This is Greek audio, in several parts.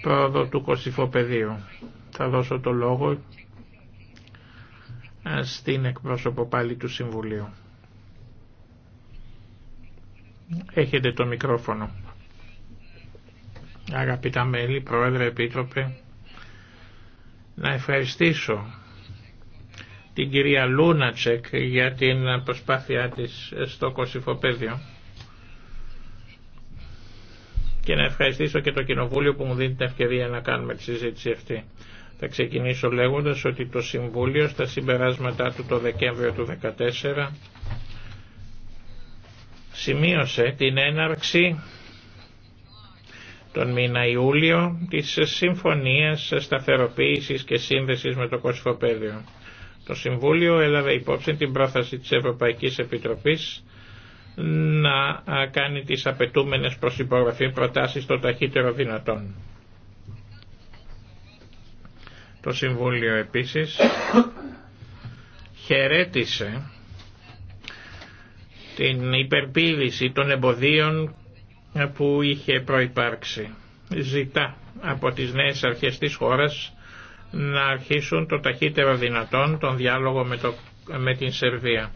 πρόοδο του Κωσυφοπεδίου. Θα δώσω το λόγο ε, στην εκπρόσωπο πάλι του Συμβουλίου. Έχετε το μικρόφωνο. Αγαπητά μέλη, Πρόεδρε, Επίτροπε, να ευχαριστήσω την κυρία Λούνατσεκ για την προσπάθειά της στο Κωσυφοπέδιο και να ευχαριστήσω και το Κοινοβούλιο που μου δίνει την ευκαιρία να κάνουμε τη συζήτηση αυτή. Θα ξεκινήσω λέγοντας ότι το Συμβούλιο στα συμπεράσματά του το Δεκέμβριο του 2014 σημείωσε την έναρξη τον μήνα Ιούλιο της Συμφωνίας Σταθεροποίησης και Σύνδεσης με το Κοσφοπέδιο. Το Συμβούλιο έλαβε υπόψη την πρόθεση της Ευρωπαϊκής Επιτροπής να κάνει τις απαιτούμενες προς υπογραφή προτάσεις το ταχύτερο δυνατόν. Το Συμβούλιο επίσης χαιρέτησε την υπερπίληση των εμποδίων που είχε προϋπάρξει. Ζητά από τις νέες αρχές της χώρας να αρχίσουν το ταχύτερο δυνατόν τον διάλογο με, το, με την Σερβία.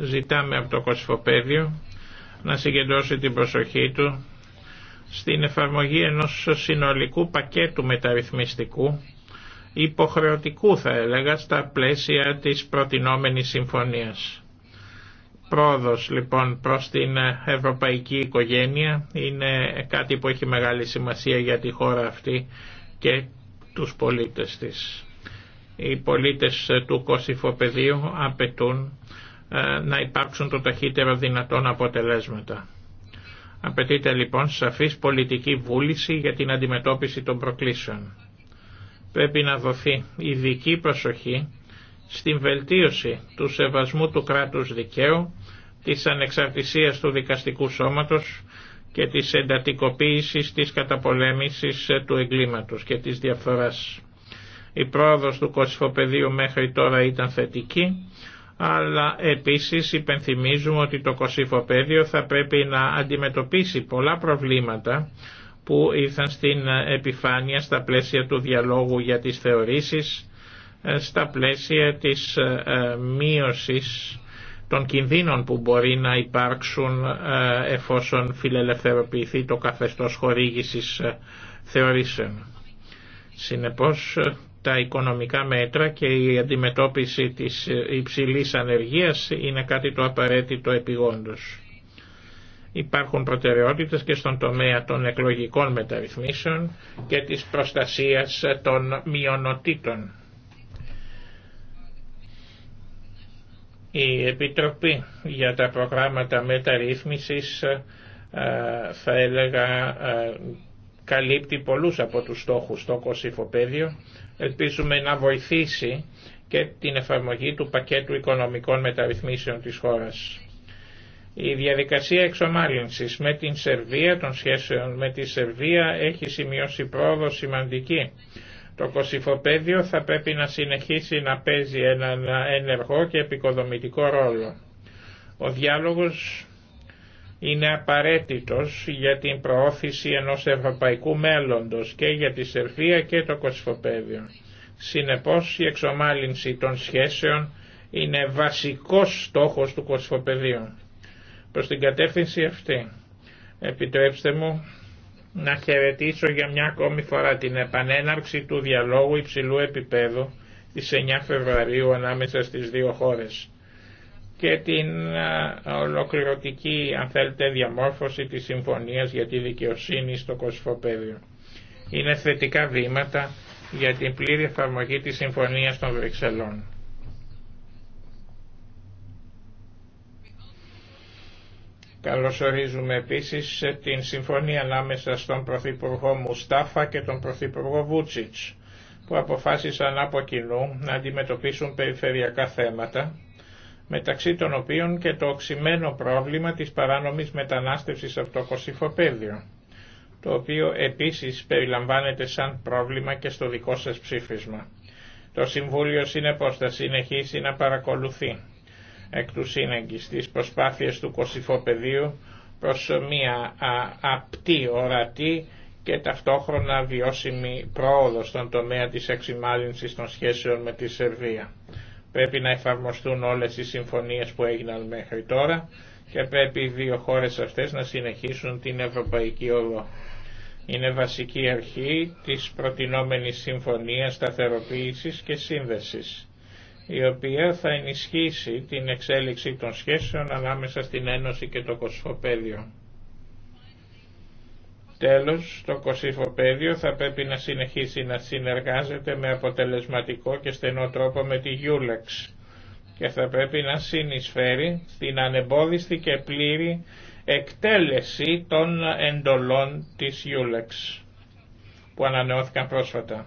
Ζητάμε από το Κοσφοπέδιο να συγκεντρώσει την προσοχή του στην εφαρμογή ενός συνολικού πακέτου μεταρρυθμιστικού υποχρεωτικού θα έλεγα στα πλαίσια της προτινόμενης συμφωνίας. Πρόοδος λοιπόν προς την ευρωπαϊκή οικογένεια είναι κάτι που έχει μεγάλη σημασία για τη χώρα αυτή και τους πολίτες της. Οι πολίτες του Κωσυφοπεδίου απαιτούν ε, να υπάρξουν το ταχύτερο δυνατόν αποτελέσματα. Απαιτείται λοιπόν σαφής πολιτική βούληση για την αντιμετώπιση των προκλήσεων. Πρέπει να δοθεί ειδική προσοχή στην βελτίωση του σεβασμού του κράτους δικαίου, της ανεξαρτησίας του δικαστικού σώματος και της εντατικοποίησης της καταπολέμησης ε, του εγκλήματος και της διαφθοράς. Η πρόοδος του κοσφοπεδίου μέχρι τώρα ήταν θετική αλλά επίσης υπενθυμίζουμε ότι το κοσυφοπέδιο θα πρέπει να αντιμετωπίσει πολλά προβλήματα που ήρθαν στην επιφάνεια στα πλαίσια του διαλόγου για τις θεωρήσεις, ε, στα πλαίσια της ε, ε, μείωσης των κινδύνων που μπορεί να υπάρξουν εφόσον φιλελευθερωποιηθεί το καθεστώς χορήγησης θεωρήσεων. Συνεπώς τα οικονομικά μέτρα και η αντιμετώπιση της υψηλής ανεργίας είναι κάτι το απαραίτητο επιγόντως. Υπάρχουν προτεραιότητες και στον τομέα των εκλογικών μεταρρυθμίσεων και της προστασίας των μειονοτήτων. Η Επιτροπή για τα προγράμματα μεταρρύθμισης ε, θα έλεγα ε, καλύπτει πολλούς από τους στόχους στο κοσυφοπέδιο ελπίζουμε να βοηθήσει και την εφαρμογή του πακέτου οικονομικών μεταρρυθμίσεων της χώρας. Η διαδικασία εξομάλυνσης με την Σερβία, των σχέσεων με τη Σερβία, έχει σημειώσει πρόοδο σημαντική. Το κοσυφοπέδιο θα πρέπει να συνεχίσει να παίζει έναν ενεργό και επικοδομητικό ρόλο. Ο διάλογος είναι απαραίτητος για την προώθηση ενός ευρωπαϊκού μέλλοντος και για τη Σερβία και το Κοσφοπέδιο. Συνεπώς η εξομάλυνση των σχέσεων είναι βασικός στόχος του Κοσφοπεδίου. Προς την κατεύθυνση αυτή επιτρέψτε μου να χαιρετήσω για μια ακόμη φορά την επανέναρξη του διαλόγου υψηλού επίπεδου της 9 Φεβρουαρίου ανάμεσα στις δύο χώρες και την ολοκληρωτική αν θέλετε διαμόρφωση της συμφωνίας για τη δικαιοσύνη στο Κοσφοπέδιο. Είναι θετικά βήματα για την πλήρη εφαρμογή της συμφωνίας των Βρυξελών. Καλωσορίζουμε επίσης την συμφωνία ανάμεσα στον Πρωθυπουργό Μουστάφα και τον Πρωθυπουργό Βούτσιτς που αποφάσισαν από κοινού να αντιμετωπίσουν περιφερειακά θέματα μεταξύ των οποίων και το οξυμένο πρόβλημα της παράνομης μετανάστευσης από το το οποίο επίσης περιλαμβάνεται σαν πρόβλημα και στο δικό σας ψήφισμα. Το Συμβούλιο συνεπώς θα συνεχίσει να παρακολουθεί εκ του σύναγκης τις προσπάθειες του Κωσυφοπέδιου προς μια απτή, ορατή και ταυτόχρονα βιώσιμη πρόοδο στον τομέα της εξημάλυνσης των σχέσεων με τη Σερβία πρέπει να εφαρμοστούν όλες οι συμφωνίες που έγιναν μέχρι τώρα και πρέπει οι δύο χώρες αυτές να συνεχίσουν την ευρωπαϊκή οδό. Είναι βασική αρχή της προτινόμενης συμφωνίας σταθεροποίησης και σύνδεσης, η οποία θα ενισχύσει την εξέλιξη των σχέσεων ανάμεσα στην Ένωση και το Κοσμοπέδιο. Τέλος, το κοσυφοπαίδιο θα πρέπει να συνεχίσει να συνεργάζεται με αποτελεσματικό και στενό τρόπο με τη Γιούλεξ και θα πρέπει να συνεισφέρει στην ανεμπόδιστη και πλήρη εκτέλεση των εντολών της Γιούλεξ που ανανεώθηκαν πρόσφατα.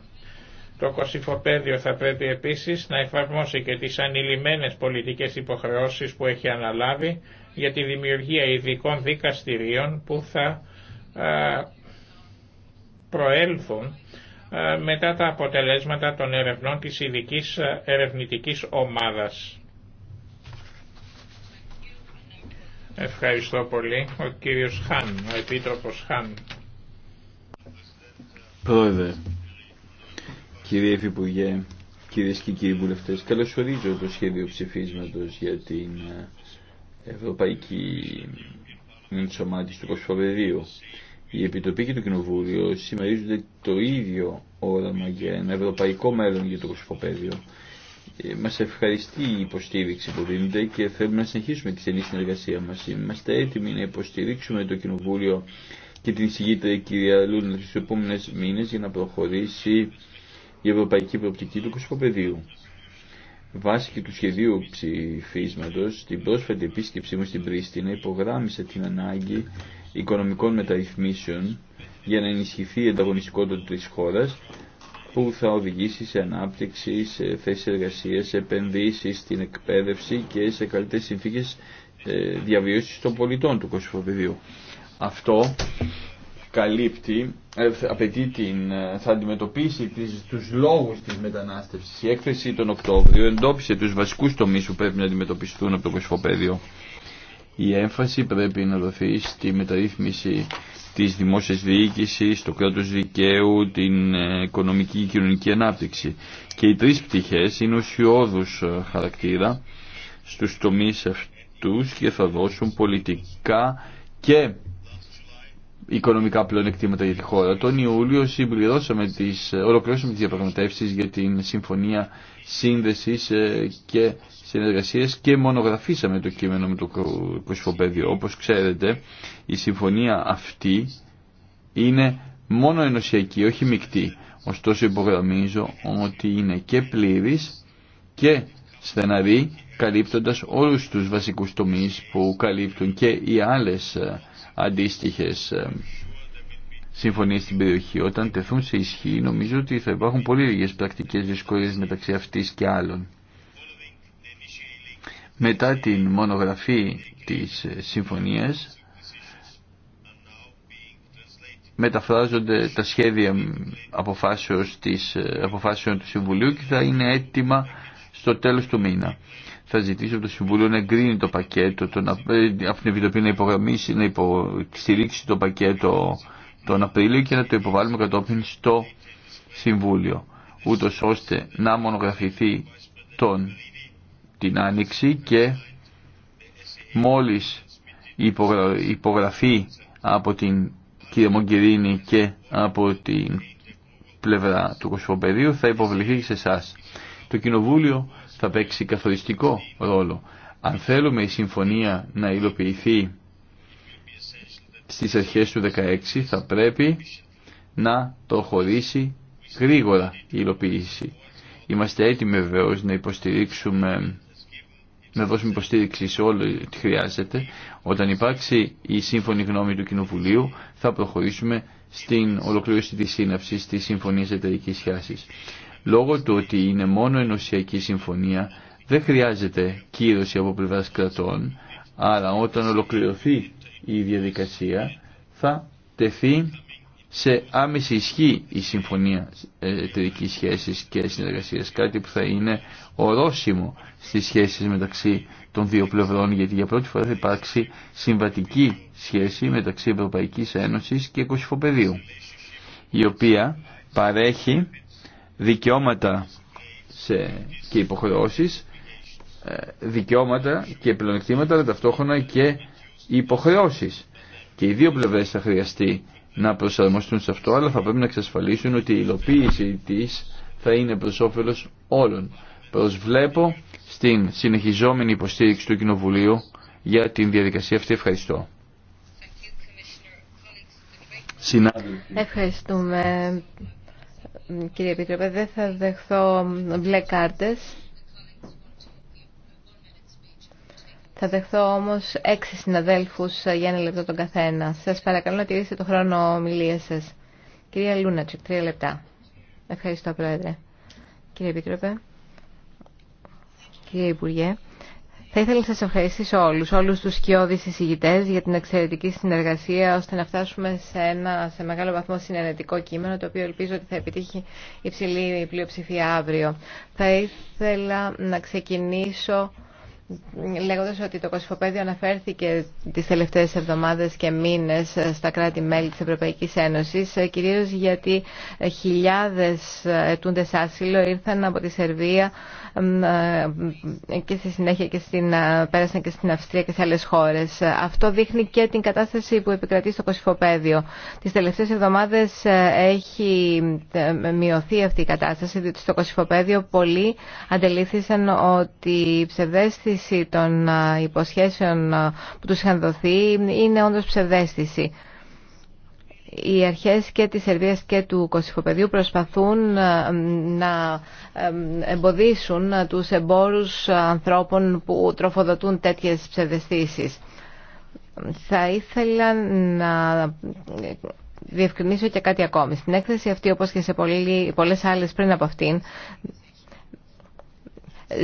Το κοσυφοπαίδιο θα πρέπει επίσης να εφαρμόσει και τις ανηλυμένες πολιτικές υποχρεώσεις που έχει αναλάβει για τη δημιουργία ειδικών δικαστηρίων που θα ε, προέλθουν ε, μετά τα αποτελέσματα των ερευνών της ειδική ε, ερευνητικής ομάδας. Ευχαριστώ πολύ. Ο κύριος Χάν, ο Επίτροπος Χάν. Πρόεδρε, κύριε Υφυπουργέ, κύριε και κύριοι βουλευτές, καλωσορίζω το σχέδιο ψηφίσματος για την Ευρωπαϊκή σωμάτι του κοσφοπεδίου. Η Επιτροπή και το Κοινοβούλιο συμμερίζονται το ίδιο όραμα για ένα ευρωπαϊκό μέλλον για το κοσφοπέδιο. Ε, μα ευχαριστεί η υποστήριξη που δίνεται και θέλουμε να συνεχίσουμε τη στενή συνεργασία μα. Είμαστε έτοιμοι να υποστηρίξουμε το Κοινοβούλιο και την εισηγήτρια κυρία Λούνα στου επόμενε μήνε για να προχωρήσει η ευρωπαϊκή προοπτική του κοσμοπεδίου. Βάσει και του σχεδίου ψηφίσματος, την πρόσφατη επίσκεψή μου στην Πρίστινα υπογράμισε την ανάγκη οικονομικών μεταρρυθμίσεων για να ενισχυθεί η ανταγωνιστικότητα της χώρας που θα οδηγήσει σε ανάπτυξη, σε θέσεις εργασίας, σε επενδύσεις, στην εκπαίδευση και σε καλύτερες συνθήκες ε, διαβίωσης των πολιτών του Κωσυφοπηδίου. Αυτό καλύπτει, ε, απαιτεί την, ε, θα αντιμετωπίσει του τους λόγους της μετανάστευσης. Η έκθεση τον Οκτώβριο εντόπισε τους βασικούς τομείς που πρέπει να αντιμετωπιστούν από το κοσφοπέδιο. Η έμφαση πρέπει να δοθεί στη μεταρρύθμιση της δημόσιας διοίκησης, το κράτος δικαίου, την ε, οικονομική και κοινωνική ανάπτυξη. Και οι τρεις πτυχές είναι ουσιώδους χαρακτήρα στους τομείς αυτούς και θα δώσουν πολιτικά και οικονομικά πλεονεκτήματα για τη χώρα. Τον Ιούλιο συμπληρώσαμε τις, ολοκληρώσαμε τις διαπραγματεύσεις για την Συμφωνία Σύνδεσης ε, και Συνεργασίας και μονογραφήσαμε το κείμενο με το κοσφοπέδιο. Όπως ξέρετε, η συμφωνία αυτή είναι μόνο ενωσιακή, όχι μεικτή. Ωστόσο υπογραμμίζω ότι είναι και πλήρης και στεναρή, καλύπτοντας όλους τους βασικούς τομείς που καλύπτουν και οι άλλες ε, αντίστοιχες ε, συμφωνίες στην περιοχή. Όταν τεθούν σε ισχύ νομίζω ότι θα υπάρχουν πολύ λίγες πρακτικές δυσκολίες μεταξύ αυτής και άλλων. Μετά την μονογραφή της ε, συμφωνίας μεταφράζονται τα σχέδια της, ε, αποφάσεων του Συμβουλίου και θα είναι έτοιμα στο τέλος του μήνα θα ζητήσω από το Συμβούλιο να εγκρίνει το πακέτο, ε, από την Επιτροπή να υπογραμμίσει, να υποστηρίξει το πακέτο τον Απρίλιο και να το υποβάλουμε κατόπιν στο Συμβούλιο, ούτω ώστε να μονογραφηθεί τον, την Άνοιξη και μόλις υπογραφεί από την κυρία και από την πλευρά του Κοσμοπεδίου θα υποβληθεί σε εσά. Το Κοινοβούλιο θα παίξει καθοριστικό ρόλο. Αν θέλουμε η συμφωνία να υλοποιηθεί στις αρχές του 16 θα πρέπει να το χωρίσει γρήγορα η υλοποίηση. Είμαστε έτοιμοι βεβαίως να υποστηρίξουμε να δώσουμε υποστήριξη σε όλο τι χρειάζεται. Όταν υπάρξει η σύμφωνη γνώμη του Κοινοβουλίου θα προχωρήσουμε στην ολοκλήρωση της σύναψης της Συμφωνίας Εταιρικής Σχέσης λόγω του ότι είναι μόνο ενωσιακή συμφωνία δεν χρειάζεται κύρωση από πλευράς κρατών, άρα όταν ολοκληρωθεί η διαδικασία θα τεθεί σε άμεση ισχύ η συμφωνία εταιρική σχέσης και συνεργασίας, κάτι που θα είναι ορόσημο στις σχέσεις μεταξύ των δύο πλευρών, γιατί για πρώτη φορά θα υπάρξει συμβατική σχέση μεταξύ Ευρωπαϊκής Ένωσης και Κωσυφοπεδίου, η οποία παρέχει δικαιώματα σε, και υποχρεώσεις, ε, δικαιώματα και πλεονεκτήματα, αλλά ταυτόχρονα και υποχρεώσεις. Και οι δύο πλευρές θα χρειαστεί να προσαρμοστούν σε αυτό, αλλά θα πρέπει να εξασφαλίσουν ότι η υλοποίηση της θα είναι προς όφελος όλων. Προσβλέπω στην συνεχιζόμενη υποστήριξη του Κοινοβουλίου για την διαδικασία αυτή. Ευχαριστώ. Ευχαριστούμε κύριε Επίτροπε, δεν θα δεχθώ μπλε κάρτες. Θα δεχθώ όμως έξι συναδέλφους για ένα λεπτό τον καθένα. Σας παρακαλώ να τηρήσετε το χρόνο ομιλία σας. Κυρία Λούνατσικ, τρία λεπτά. Ευχαριστώ, Πρόεδρε. Κύριε Επίτροπε, κύριε Υπουργέ. Θα ήθελα να σας ευχαριστήσω όλους, όλους τους σκιώδεις εισηγητές για την εξαιρετική συνεργασία ώστε να φτάσουμε σε ένα σε μεγάλο βαθμό συνενετικό κείμενο το οποίο ελπίζω ότι θα επιτύχει υψηλή πλειοψηφία αύριο. Θα ήθελα να ξεκινήσω λέγοντας ότι το Κωσυφοπέδιο αναφέρθηκε τις τελευταίες εβδομάδες και μήνες στα κράτη-μέλη της Ευρωπαϊκής Ένωσης, κυρίως γιατί χιλιάδες ετούντες άσυλο ήρθαν από τη Σερβία και στη συνέχεια και στην, πέρασαν και στην Αυστρία και σε άλλες χώρες. Αυτό δείχνει και την κατάσταση που επικρατεί στο Κωσυφοπέδιο. Τις τελευταίες εβδομάδες έχει ε, μειωθεί αυτή η κατάσταση, διότι στο Κωσυφοπέδιο πολλοί ότι οι βάση των υποσχέσεων που τους είχαν δοθεί είναι όντως ψευδέστηση. Οι αρχές και της Σερβίας και του Κωσυφοπεδίου προσπαθούν να εμποδίσουν τους εμπόρους ανθρώπων που τροφοδοτούν τέτοιες ψευδεστήσεις. Θα ήθελα να διευκρινίσω και κάτι ακόμη. Στην έκθεση αυτή, όπως και σε πολλές άλλες πριν από αυτήν,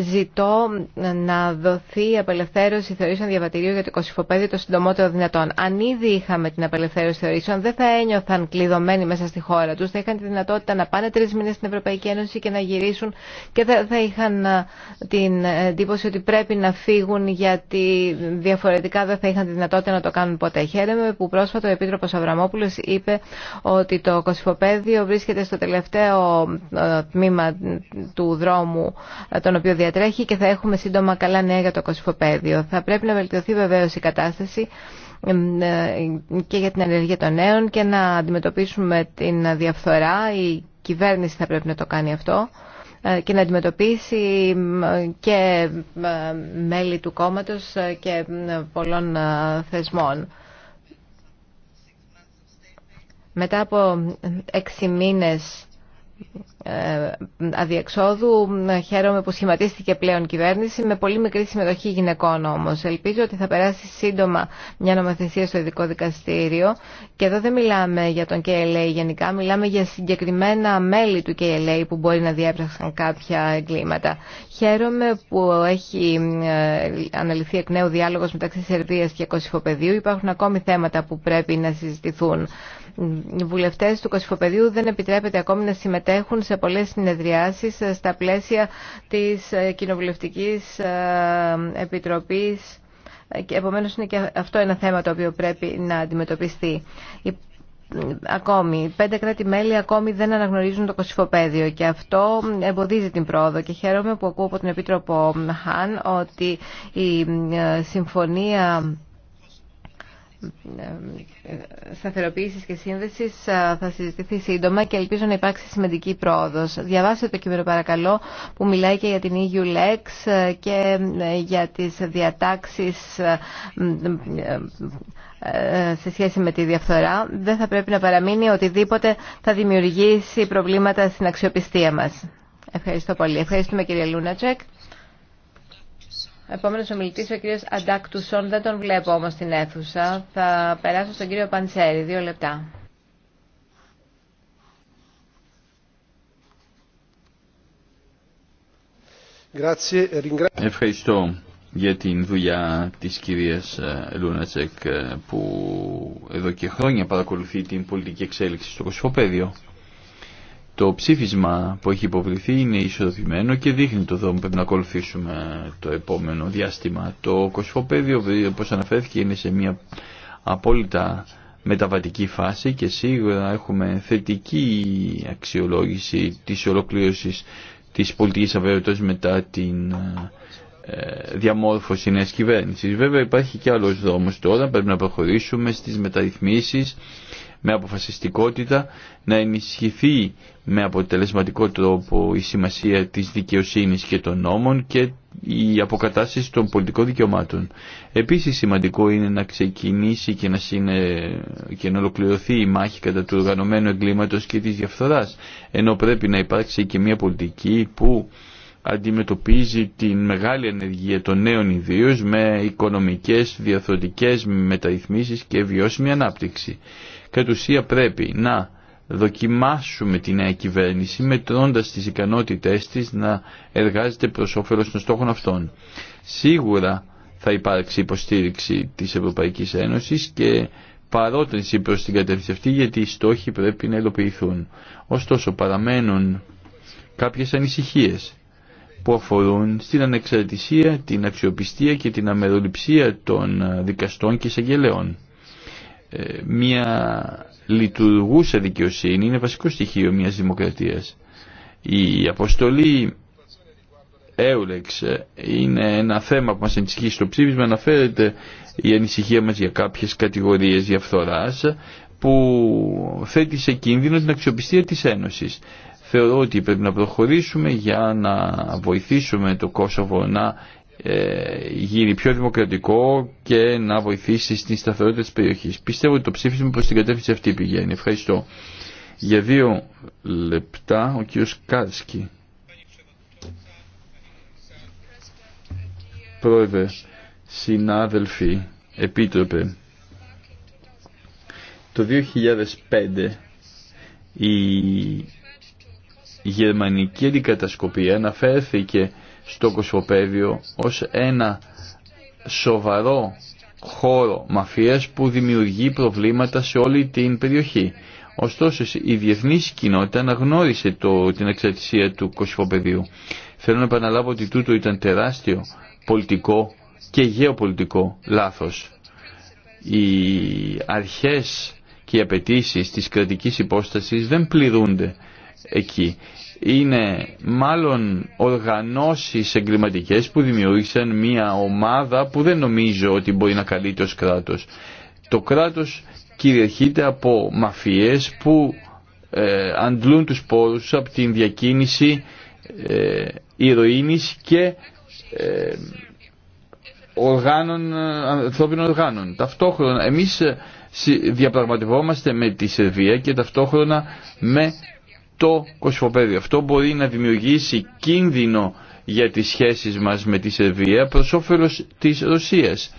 ζητώ να δοθεί απελευθέρωση θεωρήσεων διαβατηρίου για το κωσυφοπέδιο το συντομότερο δυνατόν. Αν ήδη είχαμε την απελευθέρωση θεωρήσεων, δεν θα ένιωθαν κλειδωμένοι μέσα στη χώρα του. Θα είχαν τη δυνατότητα να πάνε τρει μήνε στην Ευρωπαϊκή Ένωση και να γυρίσουν και δεν θα είχαν την εντύπωση ότι πρέπει να φύγουν γιατί διαφορετικά δεν θα είχαν τη δυνατότητα να το κάνουν ποτέ. Χαίρομαι που πρόσφατα ο Επίτροπο Αβραμόπουλο είπε ότι το κοσυφοπαίδιο βρίσκεται στο τελευταίο τμήμα του δρόμου, τον οποίο διατρέχει και θα έχουμε σύντομα καλά νέα για το κοσυφοπαίδιο. Θα πρέπει να βελτιωθεί βεβαίως η κατάσταση ε, και για την ανεργία των νέων και να αντιμετωπίσουμε την διαφθορά. Η κυβέρνηση θα πρέπει να το κάνει αυτό ε, και να αντιμετωπίσει και ε, μέλη του κόμματος και πολλών θεσμών. Μετά από έξι μήνες ε, αδιεξόδου. Χαίρομαι που σχηματίστηκε πλέον κυβέρνηση με πολύ μικρή συμμετοχή γυναικών όμως. Ελπίζω ότι θα περάσει σύντομα μια νομοθεσία στο ειδικό δικαστήριο και εδώ δεν μιλάμε για τον KLA γενικά, μιλάμε για συγκεκριμένα μέλη του KLA που μπορεί να διέπραξαν κάποια εγκλήματα. Χαίρομαι που έχει ε, αναλυθεί εκ νέου διάλογος μεταξύ Σερβίας και Κωσυφοπεδίου. Υπάρχουν ακόμη θέματα που πρέπει να συζητηθούν βουλευτές του Κωσυφοπεδίου δεν επιτρέπεται ακόμη να συμμετέχουν σε πολλές συνεδριάσεις στα πλαίσια της ε, Κοινοβουλευτικής ε, Επιτροπής και επομένως είναι και αυτό ένα θέμα το οποίο πρέπει να αντιμετωπιστεί. Ακόμη, πέντε κράτη-μέλη ακόμη δεν αναγνωρίζουν το κοσυφοπαίδιο και αυτό εμποδίζει την πρόοδο και χαίρομαι που ακούω από τον Επίτροπο Χάν ότι η ε, συμφωνία σταθεροποίησης και σύνδεσης θα συζητηθεί σύντομα και ελπίζω να υπάρξει σημαντική πρόοδος. Διαβάστε το κείμενο παρακαλώ που μιλάει και για την EULEX και ε, για τις διατάξεις ε, σε σχέση με τη διαφθορά. Δεν θα πρέπει να παραμείνει οτιδήποτε θα δημιουργήσει προβλήματα στην αξιοπιστία μας. Ευχαριστώ πολύ. Ευχαριστούμε κυρία Λούνατσεκ. Επόμενο ομιλητή ο κύριο Αντάκτουσον. Δεν τον βλέπω όμω στην αίθουσα. Θα περάσω στον κύριο Παντσέρη. Δύο λεπτά. E Ευχαριστώ για την δουλειά της κυρίας ε, Λούνατσεκ ε, που εδώ και χρόνια παρακολουθεί την πολιτική εξέλιξη στο Κωσφοπέδιο. Το ψήφισμα που έχει υποβληθεί είναι ισορροπημένο και δείχνει το δρόμο που πρέπει να ακολουθήσουμε το επόμενο διάστημα. Το κοσφοπέδιο, όπω αναφέρθηκε, είναι σε μια απόλυτα μεταβατική φάση και σίγουρα έχουμε θετική αξιολόγηση της ολοκλήρωσης της πολιτικής αβεβαιότητας μετά την ε, διαμόρφωση νέας κυβέρνησης. Βέβαια υπάρχει και άλλος δρόμος τώρα, πρέπει να προχωρήσουμε στις μεταρρυθμίσεις με αποφασιστικότητα, να ενισχυθεί με αποτελεσματικό τρόπο η σημασία της δικαιοσύνης και των νόμων και η αποκατάσταση των πολιτικών δικαιωμάτων. Επίσης σημαντικό είναι να ξεκινήσει και να, συνε... και να ολοκληρωθεί η μάχη κατά του οργανωμένου εγκλήματος και της διαφθοράς, ενώ πρέπει να υπάρξει και μια πολιτική που αντιμετωπίζει την μεγάλη ανεργία των νέων ιδίως με οικονομικές, διαθροτικές μεταρρυθμίσεις και βιώσιμη ανάπτυξη. Κατ' ουσία πρέπει να δοκιμάσουμε τη νέα κυβέρνηση μετρώντας τις ικανότητές της να εργάζεται προς όφελος των στόχων αυτών. Σίγουρα θα υπάρξει υποστήριξη της Ευρωπαϊκής Ένωσης και παρότριση προς την κατεύθυνση αυτή γιατί οι στόχοι πρέπει να υλοποιηθούν. Ωστόσο παραμένουν κάποιες ανησυχίες που αφορούν στην ανεξαρτησία, την αξιοπιστία και την αμεροληψία των δικαστών και εισαγγελέων. Ε, μια λειτουργούσα δικαιοσύνη είναι βασικό στοιχείο μιας δημοκρατίας. Η αποστολή Έουλεξ είναι ένα θέμα που μας ενισχύει στο ψήφισμα, αναφέρεται η ανησυχία μας για κάποιες κατηγορίες διαφθοράς που θέτει σε κίνδυνο την αξιοπιστία της Ένωσης. Θεωρώ ότι πρέπει να προχωρήσουμε για να βοηθήσουμε το Κόσοβο να ε, γίνει πιο δημοκρατικό και να βοηθήσει στην σταθερότητα της περιοχής. Πιστεύω ότι το ψήφισμα προς την κατεύθυνση αυτή πηγαίνει. Ευχαριστώ. Για δύο λεπτά ο κύριος Κάρσκι. Πρόεδρε, συνάδελφοι, επίτροπε, το 2005 η γερμανική αντικατασκοπία αναφέρθηκε στο Κοσμοπέδιο ως ένα σοβαρό χώρο μαφίας που δημιουργεί προβλήματα σε όλη την περιοχή. Ωστόσο, η διεθνής κοινότητα αναγνώρισε το, την εξαρτησία του Κοσμοπεδίου. Θέλω να επαναλάβω ότι τούτο ήταν τεράστιο πολιτικό και γεωπολιτικό λάθος. Οι αρχές και οι απαιτήσει της κρατικής υπόστασης δεν πληρούνται εκεί είναι μάλλον οργανώσεις εγκληματικές που δημιούργησαν μια ομάδα που δεν νομίζω ότι μπορεί να καλείται ως κράτος. Το κράτος κυριαρχείται από μαφίες που ε, αντλούν τους πόρους από την διακίνηση ε, ηρωίνης και ε, οργάνων, ανθρώπινων οργάνων. Ταυτόχρονα εμείς ε, διαπραγματευόμαστε με τη Σερβία και ταυτόχρονα με το κοσφοπέδιο. Αυτό μπορεί να δημιουργήσει κίνδυνο για τις σχέσεις μας με τη Σερβία προς όφελος της Ρωσίας.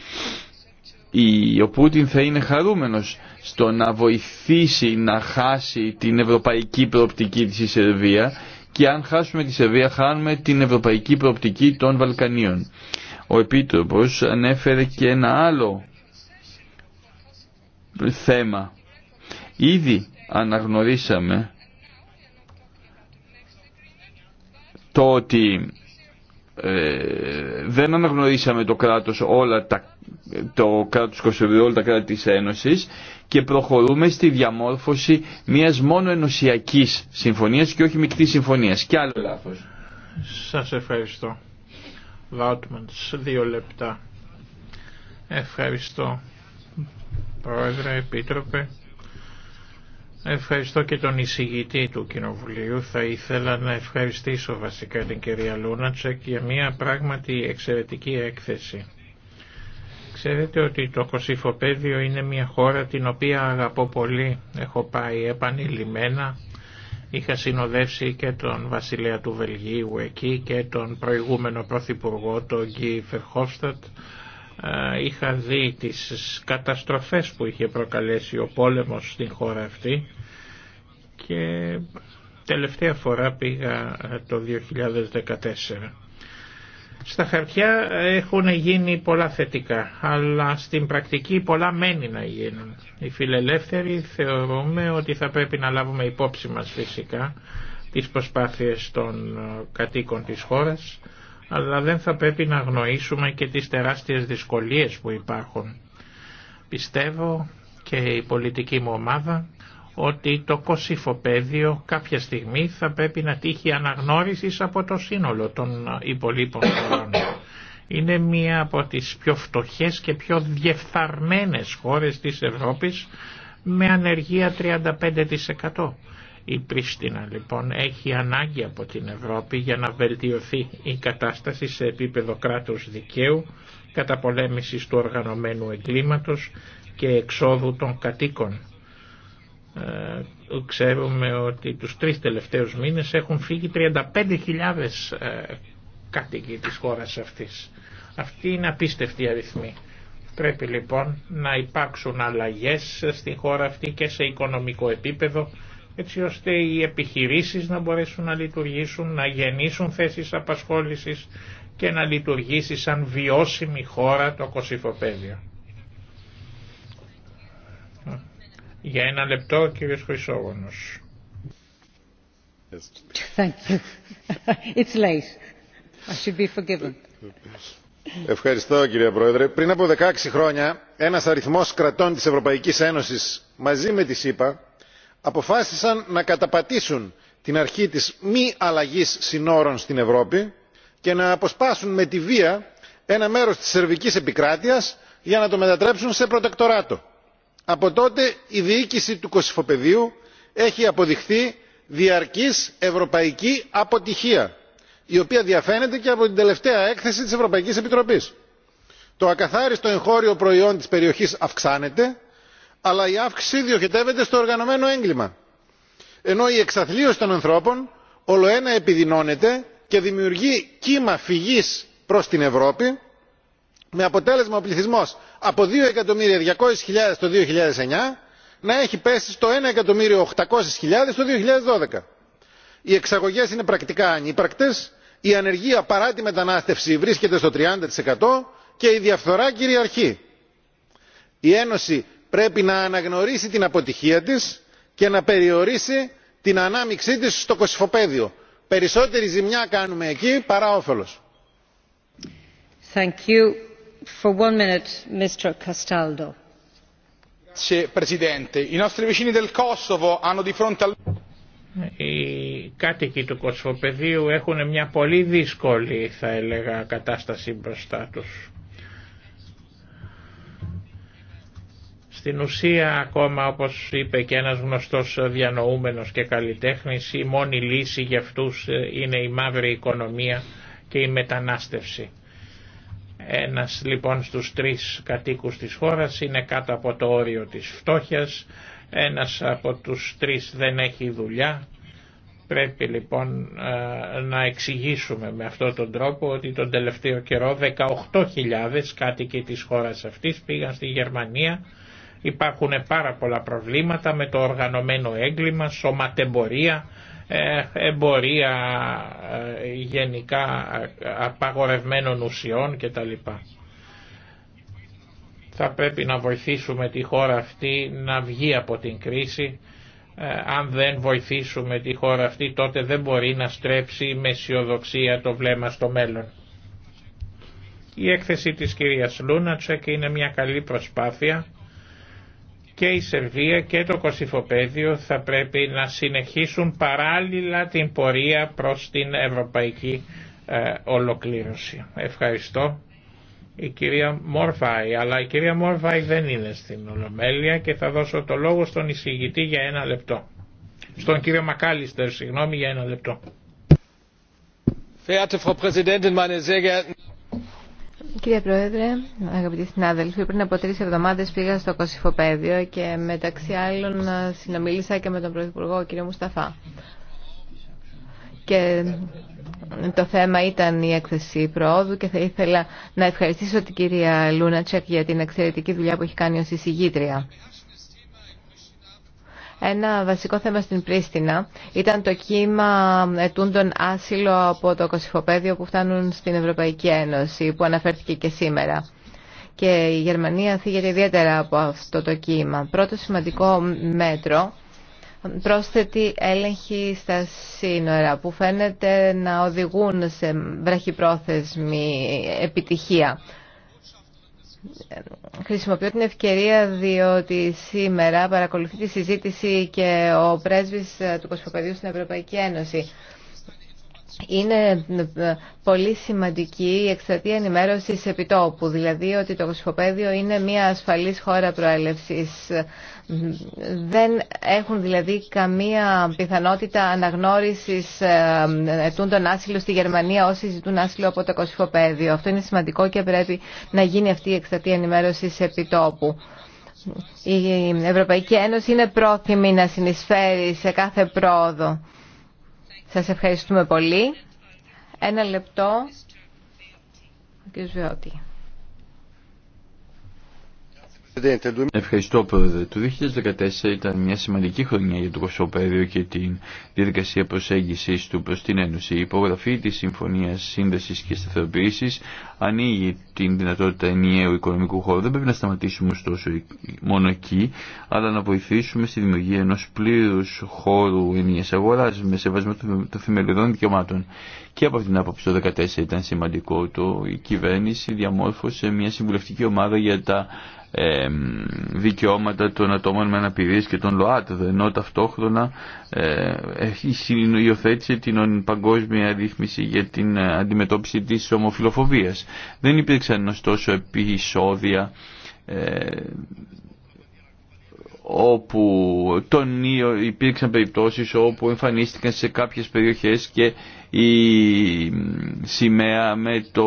ο Πούτιν θα είναι χαρούμενος στο να βοηθήσει να χάσει την ευρωπαϊκή προοπτική της Σερβία και αν χάσουμε τη Σερβία χάνουμε την ευρωπαϊκή προοπτική των Βαλκανίων. Ο Επίτροπος ανέφερε και ένα άλλο θέμα. Ήδη αναγνωρίσαμε το ότι ε, δεν αναγνωρίσαμε το κράτος όλα τα, το κράτος Κωσοβίου, όλα τα κράτη της Ένωσης και προχωρούμε στη διαμόρφωση μιας μόνο ενωσιακής συμφωνίας και όχι μεικτής συμφωνίας. Και άλλο λάθος. Σας ευχαριστώ. Βάουτμαντς, δύο λεπτά. Ευχαριστώ. Πρόεδρε, Επίτροπε. Ευχαριστώ και τον εισηγητή του Κοινοβουλίου. Θα ήθελα να ευχαριστήσω βασικά την κυρία Λούνατσεκ για μια πράγματι εξαιρετική έκθεση. Ξέρετε ότι το Κωσυφοπέδιο είναι μια χώρα την οποία αγαπώ πολύ. Έχω πάει επανειλημμένα. Είχα συνοδεύσει και τον βασιλέα του Βελγίου εκεί και τον προηγούμενο πρωθυπουργό, τον Γκί Φερχόφστατ είχα δει τις καταστροφές που είχε προκαλέσει ο πόλεμος στην χώρα αυτή και τελευταία φορά πήγα το 2014. Στα χαρτιά έχουν γίνει πολλά θετικά, αλλά στην πρακτική πολλά μένει να γίνουν. Οι φιλελεύθεροι θεωρούμε ότι θα πρέπει να λάβουμε υπόψη μας φυσικά τις προσπάθειες των κατοίκων της χώρας, αλλά δεν θα πρέπει να γνωρίσουμε και τις τεράστιες δυσκολίες που υπάρχουν. Πιστεύω και η πολιτική μου ομάδα ότι το κοσυφοπέδιο κάποια στιγμή θα πρέπει να τύχει αναγνώρισης από το σύνολο των υπολείπων χωρών. Είναι μία από τις πιο φτωχές και πιο διεφθαρμένες χώρες της Ευρώπης με ανεργία 35%. Η Πρίστινα λοιπόν έχει ανάγκη από την Ευρώπη για να βελτιωθεί η κατάσταση σε επίπεδο κράτους δικαίου, καταπολέμησης του οργανωμένου εγκλήματος και εξόδου των κατοίκων. Ε, ξέρουμε ότι τους τρεις τελευταίους μήνες έχουν φύγει 35.000 ε, κάτοικοι της χώρας αυτής. Αυτή είναι απίστευτη αριθμή. Πρέπει λοιπόν να υπάρξουν αλλαγές στη χώρα αυτή και σε οικονομικό επίπεδο έτσι ώστε οι επιχειρήσεις να μπορέσουν να λειτουργήσουν, να γεννήσουν θέσεις απασχόλησης και να λειτουργήσει σαν βιώσιμη χώρα το κοσυφοπέδιο. Για ένα λεπτό ο κύριος Χρυσόγονος. It's late. I should be forgiven. Ευχαριστώ κύριε Πρόεδρε. Πριν από 16 χρόνια ένας αριθμός κρατών της Ευρωπαϊκής Ένωσης μαζί με τη ΣΥΠΑ αποφάσισαν να καταπατήσουν την αρχή της μη αλλαγής συνόρων στην ευρώπη και να αποσπάσουν με τη βία ένα μέρος της σερβικής επικράτειας για να το μετατρέψουν σε προτεκτοράτο. από τότε η διοίκηση του κωσυφοπεδίου έχει αποδειχθεί διαρκής ευρωπαϊκή αποτυχία η οποία διαφαίνεται και από την τελευταία έκθεση της ευρωπαϊκής επιτροπής. το ακαθάριστο εγχώριο προϊόν της περιοχής αυξάνεται αλλά η αύξηση διοχετεύεται στο οργανωμένο έγκλημα ενώ η εξαθλίωση των ανθρώπων ολοένα επιδεινώνεται και δημιουργεί κύμα φυγής προς την ευρώπη με αποτέλεσμα ο πληθυσμός από δύο εκατομμύρια το 2009 να έχει πέσει στο ένα εκατομμύριο το 2012. Οι εξαγωγές είναι πρακτικά ανύπαρκτες, η ανεργία παρά τη μετανάστευση βρίσκεται στο 30% και η διαφθορά κυριαρχεί. Η Ένωση πρέπει να αναγνωρίσει την αποτυχία της και να περιορίσει την ανάμειξή της στο Κωσφοπέδιο. περισσότερη ζημιά κάνουμε εκεί παρά όφελος. οι κάτοικοι του Κωσφοπέδιου έχουν μια πολύ δύσκολη θα έλεγα κατάσταση μπροστά τους. Στην ουσία ακόμα όπως είπε και ένας γνωστός διανοούμενος και καλλιτέχνης η μόνη λύση για αυτούς ε, είναι η μαύρη οικονομία και η μετανάστευση. Ένας λοιπόν στους τρεις κατοίκους της χώρας είναι κάτω από το όριο της φτώχειας, ένας από τους τρεις δεν έχει δουλειά. Πρέπει λοιπόν ε, να εξηγήσουμε με αυτόν τον τρόπο ότι τον τελευταίο καιρό 18.000 κάτοικοι της χώρας αυτής πήγαν στη Γερμανία Υπάρχουν πάρα πολλά προβλήματα με το οργανωμένο έγκλημα, σωματεμπορία, ε, εμπορία ε, γενικά ε, απαγορευμένων ουσιών κτλ. Θα πρέπει να βοηθήσουμε τη χώρα αυτή να βγει από την κρίση. Αν δεν βοηθήσουμε τη χώρα αυτή τότε δεν μπορεί να στρέψει με αισιοδοξία το βλέμμα στο μέλλον. Η έκθεση της κυρίας Λούνατσεκ είναι μια καλή προσπάθεια και η Σερβία και το Κωσυφοπαίδιο θα πρέπει να συνεχίσουν παράλληλα την πορεία προς την ευρωπαϊκή ε, ολοκλήρωση. Ευχαριστώ. Η κυρία Μορφάι, αλλά η κυρία Μορφάι δεν είναι στην Ολομέλεια και θα δώσω το λόγο στον εισηγητή για ένα λεπτό. Στον κύριο Μακάλιστερ, συγγνώμη, για ένα λεπτό. Κύριε Πρόεδρε, αγαπητοί συνάδελφοι, πριν από τρει εβδομάδε πήγα στο Κωσυφοπαίδιο και μεταξύ άλλων συνομίλησα και με τον Πρωθυπουργό, κύριο Μουσταφά. Και το θέμα ήταν η έκθεση προόδου και θα ήθελα να ευχαριστήσω την κυρία Λούνατσεκ για την εξαιρετική δουλειά που έχει κάνει ω εισηγήτρια. Ένα βασικό θέμα στην Πρίστινα ήταν το κύμα ετούντων άσυλο από το Κωσυφοπαίδιο που φτάνουν στην Ευρωπαϊκή Ένωση, που αναφέρθηκε και σήμερα. Και η Γερμανία θίγεται ιδιαίτερα από αυτό το κύμα. Πρώτο σημαντικό μέτρο πρόσθετη έλεγχη στα σύνορα που φαίνεται να οδηγούν σε βραχυπρόθεσμη επιτυχία. Χρησιμοποιώ την ευκαιρία διότι σήμερα παρακολουθεί τη συζήτηση και ο πρέσβης ε, του Κοσμοπεδίου στην Ευρωπαϊκή Ένωση. Είναι ε, πολύ σημαντική η εκστρατεία ενημέρωση επιτόπου, δηλαδή ότι το Κοσμοπέδιο είναι μια ασφαλής χώρα προέλευσης. Δεν έχουν δηλαδή καμία πιθανότητα αναγνώρισης ε, τον άσυλο στη Γερμανία όσοι ζητούν άσυλο από το Κοσμοπέδιο. Αυτό είναι σημαντικό και πρέπει να γίνει αυτή η εκστρατεία ενημέρωση επιτόπου. Η Ευρωπαϊκή Ένωση είναι πρόθυμη να συνεισφέρει σε κάθε πρόοδο. Σας ευχαριστούμε πολύ. Ένα λεπτό. Ο κ. Ευχαριστώ πρόεδρε. Το 2014 ήταν μια σημαντική χρονιά για το κοσμοπέδιο και την διαδικασία προσέγγιση του προ την Ένωση. Η υπογραφή τη Συμφωνία Σύνδεση και Σταθεροποίηση ανοίγει την δυνατότητα ενιαίου οικονομικού χώρου. Δεν πρέπει να σταματήσουμε ωστόσο μόνο εκεί, αλλά να βοηθήσουμε στη δημιουργία ενό πλήρου χώρου ενιαία αγορά με σεβασμό των θεμελιωδών δικαιωμάτων. Και από την άποψη το 2014 ήταν σημαντικό. Το, η κυβέρνηση διαμόρφωσε μια συμβουλευτική ομάδα για τα ε, δικαιώματα των ατόμων με αναπηρίες και των ΛΟΑΤ, ενώ ταυτόχρονα ε, υιοθέτησε την παγκόσμια ρύθμιση για την ε, αντιμετώπιση της ομοφιλοφοβίας. Δεν υπήρξαν ωστόσο επεισόδια ε, όπου τον, υπήρξαν περιπτώσεις όπου εμφανίστηκαν σε κάποιες περιοχές και η σημαία με το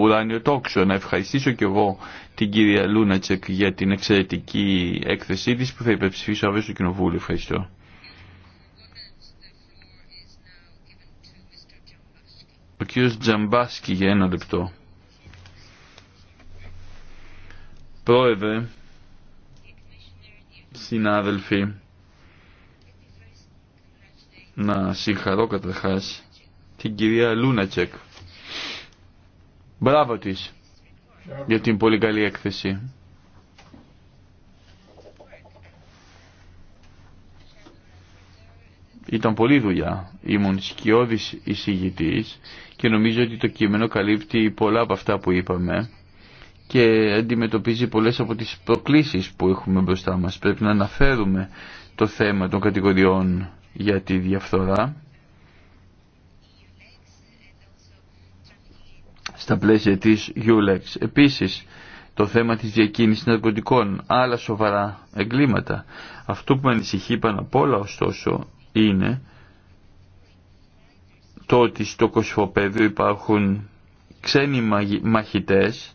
ουράνιο τόξο. Να ευχαριστήσω και εγώ την κυρία Λούνατσεκ για την εξαιρετική έκθεσή της που θα υπερψηφίσω αύριο στο Κοινοβούλιο. Ευχαριστώ. Ο κύριος Τζαμπάσκι για ένα λεπτό. Πρόεδρε, Συνάδελφοι, να συγχαρώ καταρχάς την κυρία Λούνατσεκ. Μπράβο της για την πολύ καλή έκθεση. Ήταν πολλή δουλειά. Ήμουν σκιώδης εισηγητής και νομίζω ότι το κείμενο καλύπτει πολλά από αυτά που είπαμε και αντιμετωπίζει πολλές από τις προκλήσεις που έχουμε μπροστά μας. Πρέπει να αναφέρουμε το θέμα των κατηγοριών για τη διαφθορά στα πλαίσια της Ulex. Επίσης, το θέμα της διακίνησης ναρκωτικών, άλλα σοβαρά εγκλήματα. Αυτό που με ανησυχεί πάνω απ' όλα ωστόσο είναι το ότι στο Κοσφοπέδιο υπάρχουν ξένοι μαχητές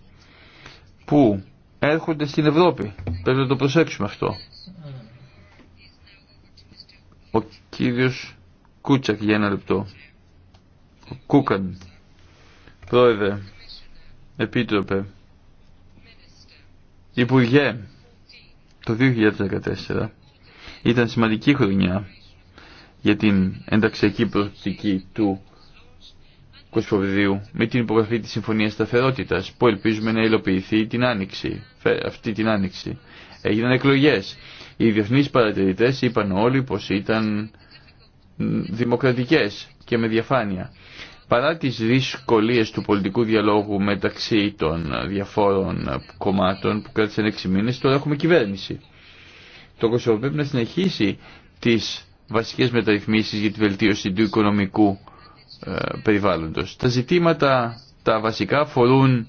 που έρχονται στην Ευρώπη. Πρέπει να το προσέξουμε αυτό. Ο κύριος Κούτσακ για ένα λεπτό. Ο Κούκαν. Πρόεδρε. Επίτροπε. Υπουργέ. Το 2014 ήταν σημαντική χρονιά για την ενταξιακή προοπτική του Κοσποβιδίου με την υπογραφή της Συμφωνίας Σταθερότητας που ελπίζουμε να υλοποιηθεί την άνοιξη, αυτή την άνοιξη. Έγιναν εκλογές. Οι διεθνείς παρατηρητές είπαν όλοι πως ήταν δημοκρατικές και με διαφάνεια. Παρά τις δυσκολίες του πολιτικού διαλόγου μεταξύ των διαφόρων κομμάτων που κράτησαν 6 μήνες, τώρα έχουμε κυβέρνηση. Το Κωσοβό πρέπει να συνεχίσει τις βασικές μεταρρυθμίσεις για τη βελτίωση του οικονομικού ε, περιβάλλοντος. Τα ζητήματα τα βασικά αφορούν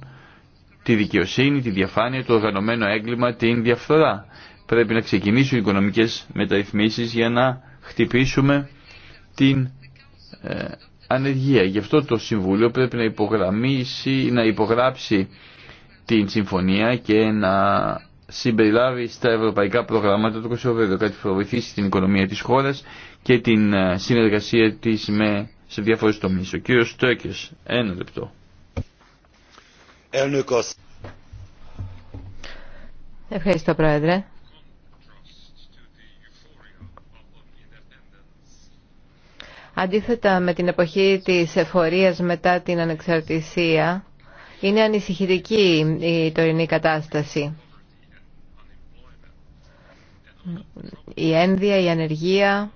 τη δικαιοσύνη, τη διαφάνεια, το οργανωμένο έγκλημα, την διαφθορά. Πρέπει να ξεκινήσουν οι οικονομικές μεταρρυθμίσεις για να χτυπήσουμε την ε, ανεργία. Γι' αυτό το Συμβούλιο πρέπει να, υπογραμμίσει, να υπογράψει την συμφωνία και να συμπεριλάβει στα ευρωπαϊκά προγράμματα το Κωσοβέδου κάτι που βοηθήσει την οικονομία της χώρας και την ε, συνεργασία της με σε διαφορε τομεί. Ο κύριος Στρέκες, ένα λεπτό. Ευχαριστώ Πρόεδρε. Αντίθετα με την εποχή της εφορίας μετά την ανεξαρτησία, είναι ανησυχητική η τωρινή κατάσταση. Η ένδια, η ανεργία,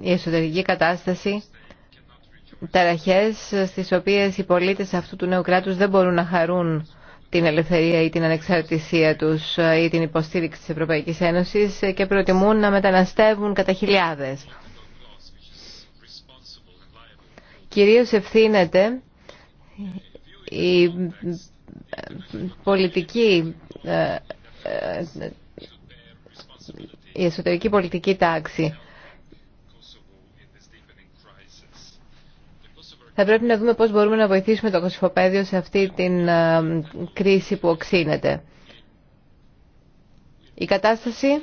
η εσωτερική κατάσταση ταραχές στις οποίες οι πολίτες αυτού του νέου κράτους δεν μπορούν να χαρούν την ελευθερία ή την ανεξαρτησία τους ε, ή την υποστήριξη της Ευρωπαϊκής Ένωσης ε, και προτιμούν να μεταναστεύουν κατά χιλιάδες. Κυρίως ευθύνεται η ε, πολιτική η εσωτερική πολιτική τάξη Θα πρέπει να δούμε πώς μπορούμε να βοηθήσουμε το κοσυφοπαίδιο σε αυτή την ε, κρίση που οξύνεται. Η κατάσταση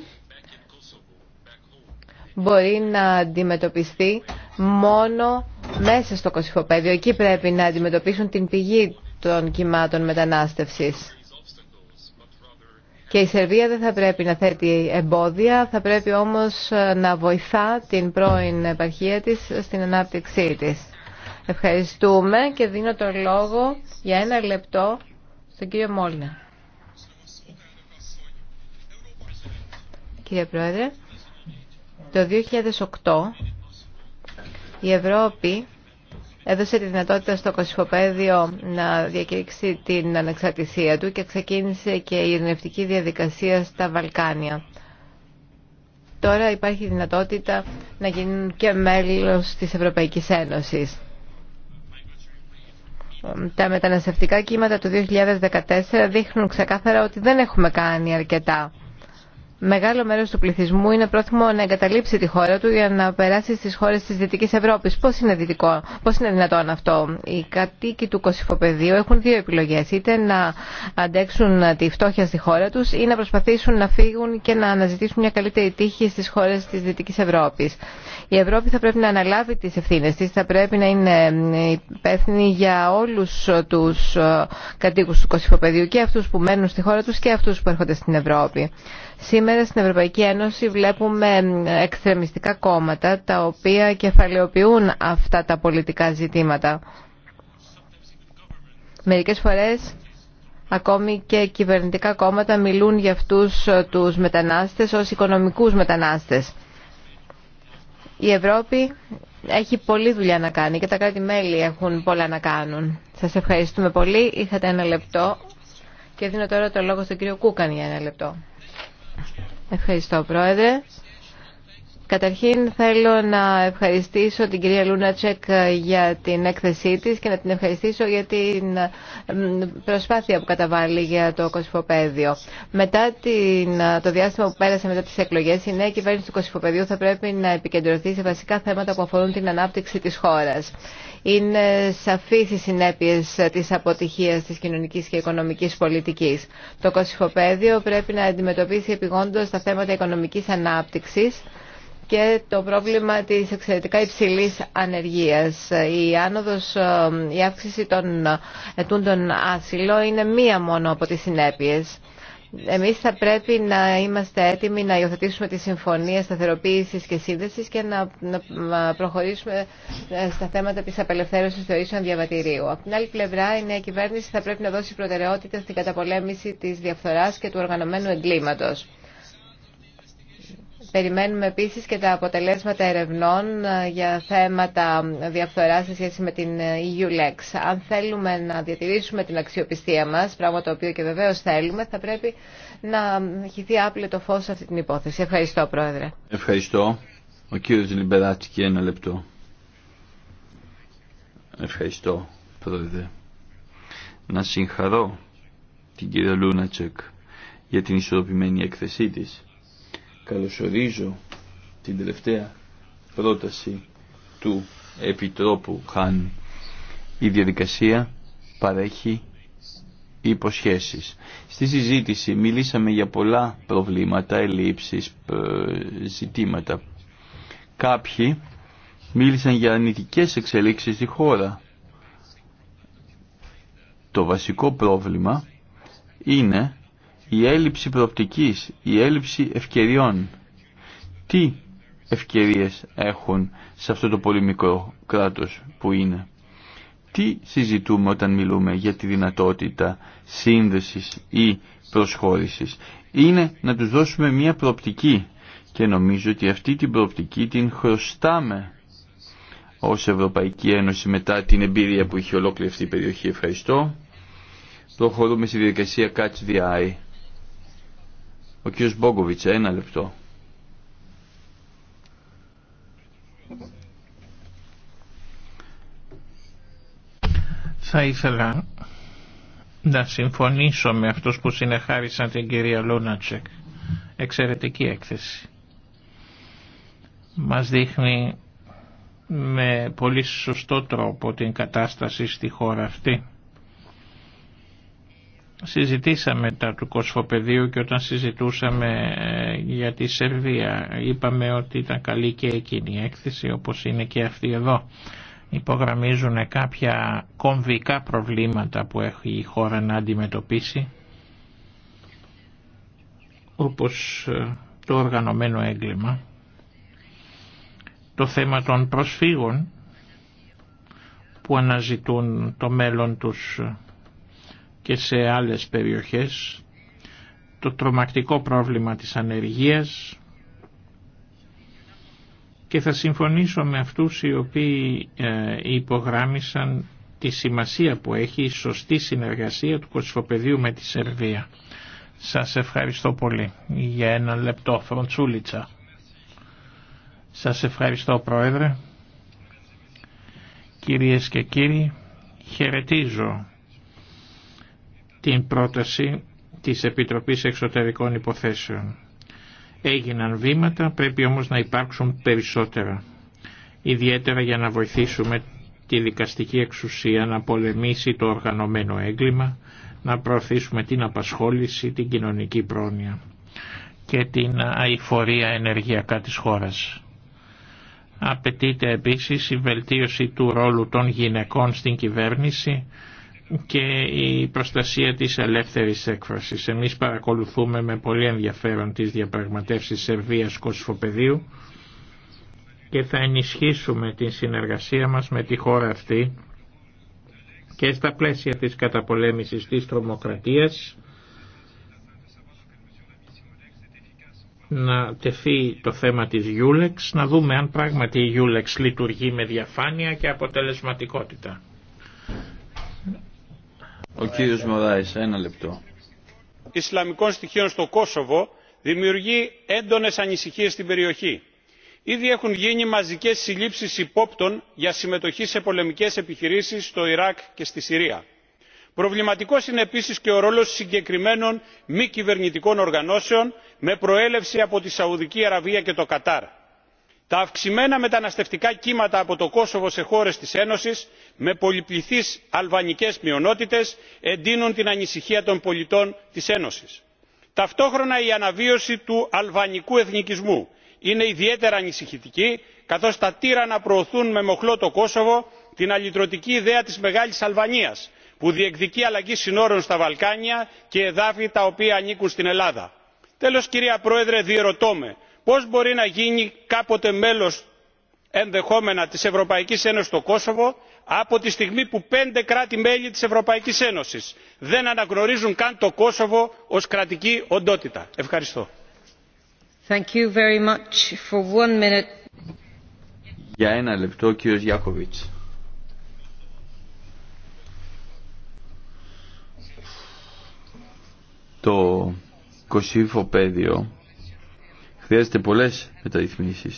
μπορεί να αντιμετωπιστεί μόνο μέσα στο κοσυφοπαίδιο. Εκεί πρέπει να αντιμετωπίσουν την πηγή των κυμάτων μετανάστευσης. Και η Σερβία δεν θα πρέπει να θέτει εμπόδια, θα πρέπει όμως ε, να βοηθά την πρώην επαρχία της στην ανάπτυξή της. Ευχαριστούμε και δίνω το λόγο για ένα λεπτό στον κύριο Μόλνα. Κύριε Πρόεδρε, το 2008 η Ευρώπη έδωσε τη δυνατότητα στο Κωσυφοπαίδιο να διακήρυξει την ανεξαρτησία του και ξεκίνησε και η ειρηνευτική διαδικασία στα Βαλκάνια. Τώρα υπάρχει δυνατότητα να γίνουν και μέλος της Ευρωπαϊκής Ένωσης. Τα μεταναστευτικά κύματα του 2014 δείχνουν ξεκάθαρα ότι δεν έχουμε κάνει αρκετά μεγάλο μέρος του πληθυσμού είναι πρόθυμο να εγκαταλείψει τη χώρα του για να περάσει στις χώρες της Δυτικής Ευρώπης. Πώς είναι, δυτικό, είναι δυνατόν αυτό. Οι κατοίκοι του Κωσυφοπεδίου έχουν δύο επιλογές. Είτε να αντέξουν τη φτώχεια στη χώρα τους ή να προσπαθήσουν να φύγουν και να αναζητήσουν μια καλύτερη τύχη στις χώρες της Δυτικής Ευρώπης. Η Ευρώπη θα πρέπει να αναλάβει τις ευθύνες της, θα πρέπει να είναι υπεύθυνη για όλους τους κατοίκους του Κωσυφοπεδίου και αυτούς που μένουν στη χώρα τους και αυτούς που έρχονται στην Ευρώπη. Σήμερα στην Ευρωπαϊκή Ένωση βλέπουμε εξτρεμιστικά κόμματα τα οποία κεφαλαιοποιούν αυτά τα πολιτικά ζητήματα. Μερικές φορές ακόμη και κυβερνητικά κόμματα μιλούν για αυτούς τους μετανάστες ως οικονομικούς μετανάστες. Η Ευρώπη έχει πολλή δουλειά να κάνει και τα κράτη-μέλη έχουν πολλά να κάνουν. Σας ευχαριστούμε πολύ. Είχατε ένα λεπτό και δίνω τώρα το λόγο στον κύριο Κούκαν για ένα λεπτό. Ευχαριστώ, Πρόεδρε. Καταρχήν θέλω να ευχαριστήσω την κυρία Λούνατσεκ για την έκθεσή της και να την ευχαριστήσω για την προσπάθεια που καταβάλει για το κοσυφοπαίδιο. Μετά την, το διάστημα που πέρασε μετά τις εκλογές, η νέα κυβέρνηση του κοσυφοπαιδίου θα πρέπει να επικεντρωθεί σε βασικά θέματα που αφορούν την ανάπτυξη της χώρας. Είναι σαφείς οι συνέπειες της αποτυχίας της κοινωνικής και οικονομικής πολιτικής. Το κοσυχοπαίδιο πρέπει να αντιμετωπίσει επιγόντως τα θέματα οικονομικής ανάπτυξης και το πρόβλημα της εξαιρετικά υψηλής ανεργίας. Η, άνοδος, ε, η αύξηση των ετούντων άσυλο είναι μία μόνο από τις συνέπειες. Εμείς θα πρέπει να είμαστε έτοιμοι να υιοθετήσουμε τη Συμφωνία Σταθεροποίησης και Σύνδεσης και να προχωρήσουμε ε, στα θέματα της απελευθέρωσης θεωρήσεων διαβατηρίου. Από την άλλη πλευρά, η νέα κυβέρνηση θα πρέπει να δώσει προτεραιότητα στην καταπολέμηση της διαφθοράς και του οργανωμένου εγκλήματος. Περιμένουμε επίσης και τα αποτελέσματα ερευνών ε, για θέματα διαφθοράς σε σχέση με την ε, EULEX. Αν θέλουμε να διατηρήσουμε την αξιοπιστία μας, πράγμα το οποίο και βεβαίως θέλουμε, θα πρέπει να χυθεί το φως σε αυτή την υπόθεση. Ευχαριστώ, Πρόεδρε. Ευχαριστώ. Ο κύριος Λιμπεράτη και ένα λεπτό. Ευχαριστώ, Πρόεδρε. Να συγχαρώ την κυρία Λούνατσεκ για την ισορροπημένη έκθεσή της καλωσορίζω την τελευταία πρόταση του Επιτρόπου Χάν. Η διαδικασία παρέχει υποσχέσεις. Στη συζήτηση μιλήσαμε για πολλά προβλήματα, ελλείψεις, ζητήματα. Κάποιοι μίλησαν για αρνητικές εξελίξεις στη χώρα. Το βασικό πρόβλημα είναι η έλλειψη προοπτικής, η έλλειψη ευκαιριών. Τι ευκαιρίες έχουν σε αυτό το πολύ μικρό κράτος που είναι. Τι συζητούμε όταν μιλούμε για τη δυνατότητα σύνδεσης ή προσχώρησης. Είναι να τους δώσουμε μία προοπτική και νομίζω ότι αυτή την προοπτική την χρωστάμε ως Ευρωπαϊκή Ένωση μετά την εμπειρία που είχε ολόκληρη αυτή η περιοχή. Ευχαριστώ. Προχωρούμε στη διαδικασία Catch the Eye. Ο κ. Μπόγκοβιτς, ένα λεπτό. Θα ήθελα να συμφωνήσω με αυτούς που συνεχάρισαν την κυρία Λούνατσεκ. Εξαιρετική έκθεση. Μας δείχνει με πολύ σωστό τρόπο την κατάσταση στη χώρα αυτή. Συζητήσαμε τα του Κοσφοπεδίου και όταν συζητούσαμε ε, για τη Σερβία είπαμε ότι ήταν καλή και εκείνη η έκθεση όπως είναι και αυτή εδώ. Υπογραμμίζουν κάποια κομβικά προβλήματα που έχει η χώρα να αντιμετωπίσει όπως ε, το οργανωμένο έγκλημα, το θέμα των προσφύγων που αναζητούν το μέλλον τους και σε άλλες περιοχές, το τρομακτικό πρόβλημα της ανεργίας και θα συμφωνήσω με αυτούς οι οποίοι ε, υπογράμμισαν τη σημασία που έχει η σωστή συνεργασία του Κωσφοπεδίου με τη Σερβία. Σας ευχαριστώ πολύ. Για ένα λεπτό, Φροντσούλιτσα. Σας ευχαριστώ, Πρόεδρε. Κυρίες και κύριοι, χαιρετίζω την πρόταση της Επιτροπής Εξωτερικών Υποθέσεων. Έγιναν βήματα, πρέπει όμως να υπάρξουν περισσότερα. Ιδιαίτερα για να βοηθήσουμε τη δικαστική εξουσία να πολεμήσει το οργανωμένο έγκλημα, να προωθήσουμε την απασχόληση, την κοινωνική πρόνοια και την αηφορία ενεργειακά της χώρας. Απαιτείται επίσης η βελτίωση του ρόλου των γυναικών στην κυβέρνηση, και η προστασία της ελεύθερης έκφρασης. Εμείς παρακολουθούμε με πολύ ενδιαφέρον τις διαπραγματεύσεις Σερβίας Κοσφοπεδίου και θα ενισχύσουμε την συνεργασία μας με τη χώρα αυτή και στα πλαίσια της καταπολέμησης της τρομοκρατίας να τεθεί το θέμα της Γιούλεξ, να δούμε αν πράγματι η Γιούλεξ λειτουργεί με διαφάνεια και αποτελεσματικότητα. Ο κύριος Μωράης, ένα λεπτό. Ισλαμικών στοιχείων στο Κόσοβο δημιουργεί έντονες ανησυχίε στην περιοχή. Ήδη έχουν γίνει μαζικές συλλήψει υπόπτων για συμμετοχή σε πολεμικέ επιχειρήσεις στο Ιράκ και στη Συρία. Προβληματικό είναι επίσης και ο ρόλος συγκεκριμένων μη κυβερνητικών οργανώσεων με προέλευση από τη Σαουδική Αραβία και το Κατάρ τα αυξημένα μεταναστευτικά κύματα από το κόσοβο σε χώρες της ένωσης με πολυπληθείς αλβανικές μειονότητες εντείνουν την ανησυχία των πολιτών της ένωσης. ταυτόχρονα η αναβίωση του αλβανικού εθνικισμού είναι ιδιαίτερα ανησυχητική καθώς τα τύρανα προωθούν με μοχλό το κόσοβο την αλυτρωτική ιδέα της μεγάλης αλβανίας που διεκδικεί αλλαγή συνόρων στα βαλκάνια και εδάφη τα οποία ανήκουν στην ελλάδα. τέλος κυρία πρόεδρε διερωτώ πώς μπορεί να γίνει κάποτε μέλος ενδεχόμενα της ευρωπαϊκής ένωσης το κόσοβο από τη στιγμή που πέντε κράτη μέλη της ευρωπαϊκής ένωσης δεν αναγνωρίζουν καν το κόσοβο ως κρατική οντότητα. ευχαριστώ. Το κοσίφο πέδιο χρειάζεται πολλέ μεταρρυθμίσει.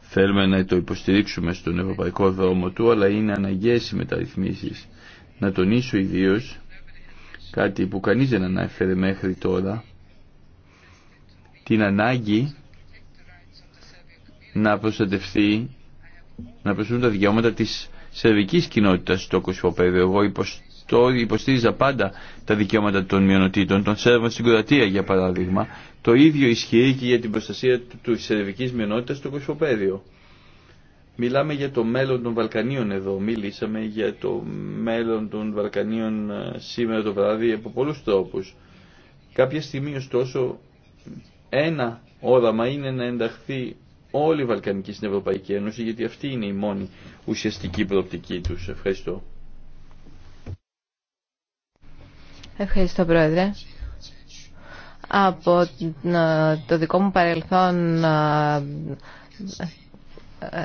Θέλουμε να το υποστηρίξουμε στον ευρωπαϊκό δρόμο του, αλλά είναι αναγκαίε οι μεταρρυθμίσει. Να τονίσω ιδίω κάτι που κανεί δεν ανάφερε μέχρι τώρα, την ανάγκη να προστατευτεί, να προστατευτούν τα δικαιώματα τη σερβική κοινότητα στο κοσμοπέδιο. Εγώ υποστηρίζω το υποστήριζα πάντα τα δικαιώματα των μειονοτήτων, των Σέρβων στην Κροατία για παράδειγμα. Το ίδιο ισχύει και για την προστασία του σερβικής μειονότητας στο Κοσμοπέδιο. Μιλάμε για το μέλλον των Βαλκανίων εδώ. Μιλήσαμε για το μέλλον των Βαλκανίων ε, σήμερα το βράδυ από πολλούς τρόπους. Κάποια στιγμή ωστόσο ένα όραμα είναι να ενταχθεί όλη η Βαλκανική στην Ευρωπαϊκή Ένωση γιατί αυτή είναι η μόνη ουσιαστική προοπτική τους. Ευχαριστώ. Ευχαριστώ, Πρόεδρε. Από ε, το δικό μου παρελθόν ε,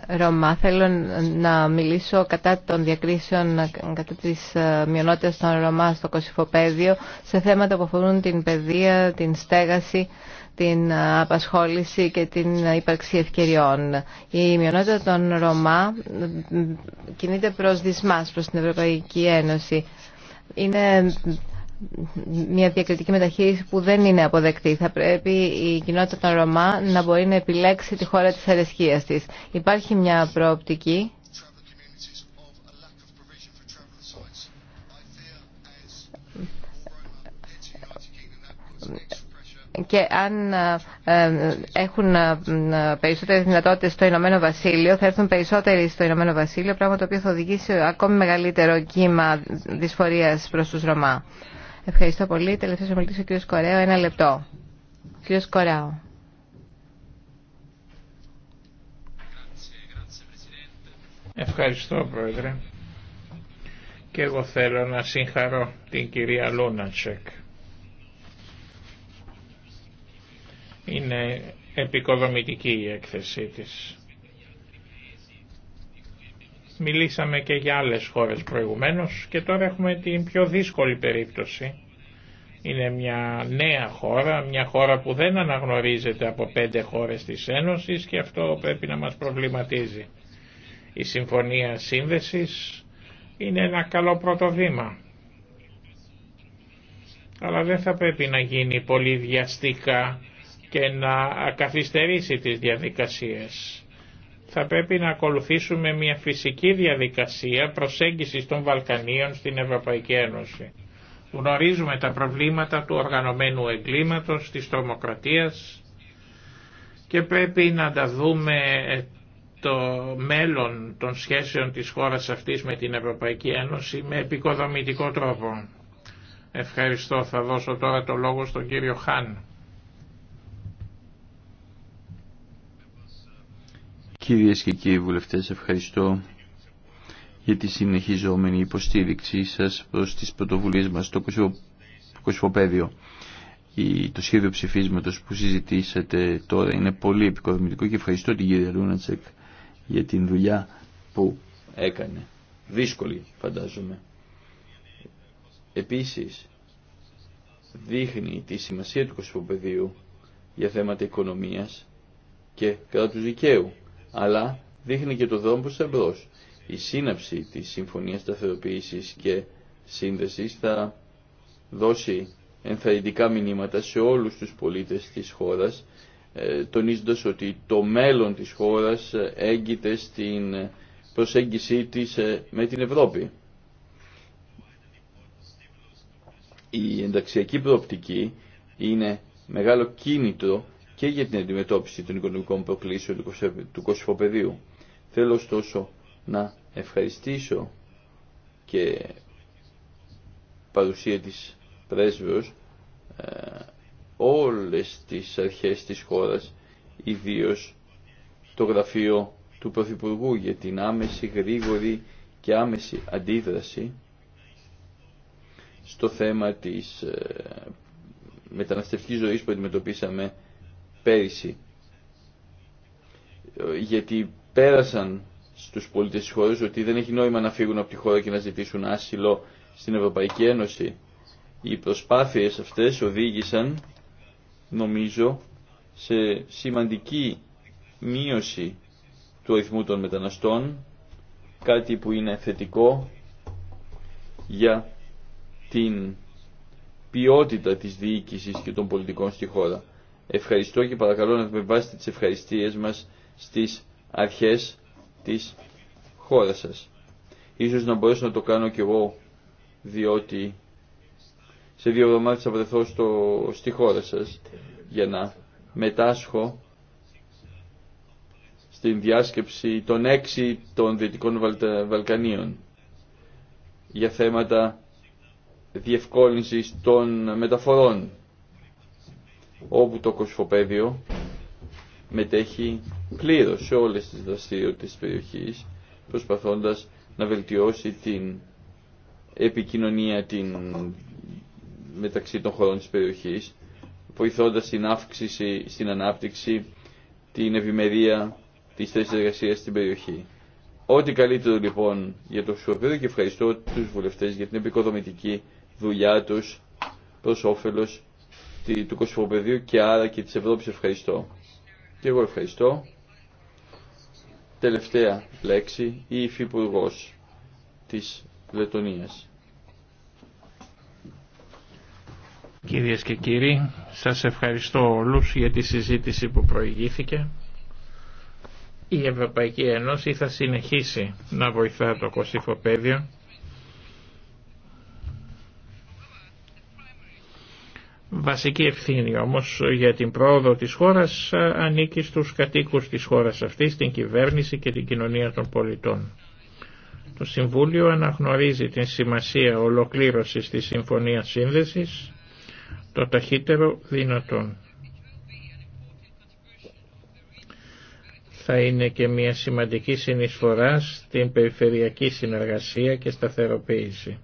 ε, Ρωμά θέλω να μιλήσω κατά των διακρίσεων κατά της μειονότητας των Ρωμά στο Κωσυφοπαίδιο σε θέματα που αφορούν την παιδεία, την στέγαση, την απασχόληση και την ύπαρξη ευκαιριών. Η μειονότητα των Ρωμά κινείται προς δυσμάς, προς την Ευρωπαϊκή Ένωση. Είναι μια διακριτική μεταχείριση που δεν είναι αποδεκτή. Θα πρέπει η κοινότητα των Ρωμά να μπορεί να επιλέξει τη χώρα της αρεσκίας της. Υπάρχει μια προοπτική και αν ε, έχουν ε, περισσότερες δυνατότητες στο Ηνωμένο Βασίλειο θα έρθουν περισσότεροι στο Ηνωμένο Βασίλειο πράγμα το οποίο θα οδηγήσει ακόμη μεγαλύτερο κύμα δυσφορίας προς τους Ρωμά. Ευχαριστώ πολύ. Τελευταίο ομιλητή ο κ. Κορέο. Ένα λεπτό. Κ. Κοράο. Ευχαριστώ Πρόεδρε. Και εγώ θέλω να συγχαρώ την κυρία Λούνατσεκ. Είναι επικοδομητική η έκθεσή της. Μιλήσαμε και για άλλες χώρες προηγουμένως και τώρα έχουμε την πιο δύσκολη περίπτωση. Είναι μια νέα χώρα, μια χώρα που δεν αναγνωρίζεται από πέντε χώρες της Ένωσης και αυτό πρέπει να μας προβληματίζει. Η Συμφωνία Σύνδεσης είναι ένα καλό πρώτο βήμα. Αλλά δεν θα πρέπει να γίνει πολύ βιαστικά και να καθυστερήσει τις διαδικασίες θα πρέπει να ακολουθήσουμε μια φυσική διαδικασία προσέγγισης των Βαλκανίων στην Ευρωπαϊκή Ένωση. Γνωρίζουμε τα προβλήματα του οργανωμένου εγκλήματος, της τρομοκρατίας και πρέπει να τα δούμε ε, το μέλλον των σχέσεων της χώρας αυτής με την Ευρωπαϊκή Ένωση με επικοδομητικό τρόπο. Ευχαριστώ. Θα δώσω τώρα το λόγο στον κύριο Χάν. Κυρίες και κύριοι βουλευτές, ευχαριστώ για τη συνεχιζόμενη υποστήριξή σας προς τις πρωτοβουλίες μας στο Κοσμοπέδιο. Το σχέδιο ψηφίσματος που συζητήσατε τώρα είναι πολύ επικοδομητικό και ευχαριστώ την κυρία Ρούνατσεκ για την δουλειά που έκανε. Δύσκολη φαντάζομαι. Επίσης, δείχνει τη σημασία του κοσμοπεδίου για θέματα οικονομίας και κατά δικαίου αλλά δείχνει και το δρόμο προς εμπρός. Η σύναψη της Συμφωνίας Σταθεροποίησης και Σύνδεσης θα δώσει ενθαρρυντικά μηνύματα σε όλους τους πολίτες της χώρας, ε, τονίζοντας ότι το μέλλον της χώρας ε, έγκυται στην προσέγγιση της ε, με την Ευρώπη. Η ενταξιακή προοπτική είναι μεγάλο κίνητρο και για την αντιμετώπιση των οικονομικών προκλήσεων του κοσυφοπεδίου. Θέλω ωστόσο να ευχαριστήσω και παρουσία της πρέσβεως ε, όλες τις αρχές της χώρας, ιδίως το γραφείο του Πρωθυπουργού για την άμεση, γρήγορη και άμεση αντίδραση στο θέμα της ε, μεταναστευτικής ζωής που αντιμετωπίσαμε πέρυσι γιατί πέρασαν στους πολίτες της χώρας ότι δεν έχει νόημα να φύγουν από τη χώρα και να ζητήσουν άσυλο στην Ευρωπαϊκή Ένωση. Οι προσπάθειες αυτές οδήγησαν, νομίζω, σε σημαντική μείωση του αριθμού των μεταναστών, κάτι που είναι θετικό για την ποιότητα της διοίκησης και των πολιτικών στη χώρα. Ευχαριστώ και παρακαλώ να επιβάσετε τις ευχαριστίες μας στις αρχές της χώρας σας. Ίσως να μπορέσω να το κάνω κι εγώ, διότι σε δύο εβδομάδες θα βρεθώ στο, στη χώρα σας για να μετάσχω στην διάσκεψη των έξι των Δυτικών Βαλκανίων για θέματα διευκόλυνσης των μεταφορών όπου το κοσφοπέδιο μετέχει πλήρως σε όλες τις δραστηριότητες της περιοχής, προσπαθώντας να βελτιώσει την επικοινωνία την... μεταξύ των χωρών της περιοχής, βοηθώντας την αύξηση στην ανάπτυξη, την ευημερία της θέσης εργασία στην περιοχή. Ό,τι καλύτερο λοιπόν για το Σουαπέδο και ευχαριστώ τους βουλευτές για την επικοδομητική δουλειά τους προς όφελος του Κωσυφοπεδίου και άρα και της Ευρώπης ευχαριστώ. Και εγώ ευχαριστώ. Τελευταία λέξη, η Υφυπουργό της Λετωνίας. Κυρίες και κύριοι, σας ευχαριστώ όλους για τη συζήτηση που προηγήθηκε. Η Ευρωπαϊκή Ένωση θα συνεχίσει να βοηθά το κοσυφοπαίδιο Βασική ευθύνη όμως για την πρόοδο της χώρας ανήκει στους κατοίκους της χώρας αυτής, την κυβέρνηση και την κοινωνία των πολιτών. Το Συμβούλιο αναγνωρίζει την σημασία ολοκλήρωσης της Συμφωνίας Σύνδεσης το ταχύτερο δυνατόν. Θα είναι και μια σημαντική συνεισφορά στην περιφερειακή συνεργασία και σταθεροποίηση.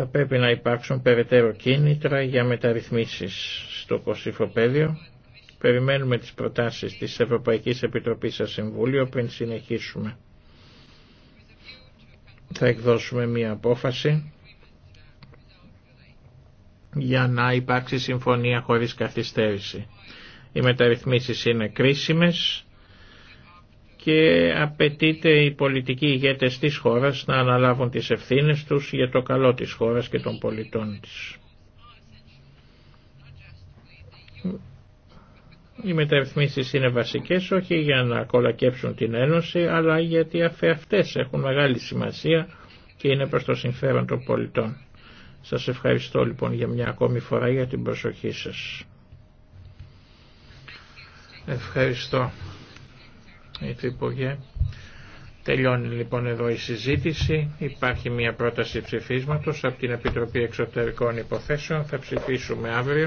θα πρέπει να υπάρξουν περαιτέρω κίνητρα για μεταρρυθμίσεις στο Πέδιο. Περιμένουμε τις προτάσεις της Ευρωπαϊκής Επιτροπής σε Συμβούλιο πριν συνεχίσουμε. Θα εκδώσουμε μία απόφαση για να υπάρξει συμφωνία χωρίς καθυστέρηση. Οι μεταρρυθμίσεις είναι κρίσιμες και απαιτείται οι πολιτικοί ηγέτες της χώρας να αναλάβουν τις ευθύνες τους για το καλό της χώρας και των πολιτών της. Οι μεταρρυθμίσεις είναι βασικές όχι για να κολακέψουν την Ένωση αλλά γιατί αυτές έχουν μεγάλη σημασία και είναι προς το συμφέρον των πολιτών. Σας ευχαριστώ λοιπόν για μια ακόμη φορά για την προσοχή σας. Ευχαριστώ υπουργέ. Τελειώνει λοιπόν εδώ η συζήτηση. Υπάρχει μια πρόταση ψηφίσματος από την Επιτροπή Εξωτερικών Υποθέσεων. Θα ψηφίσουμε αύριο.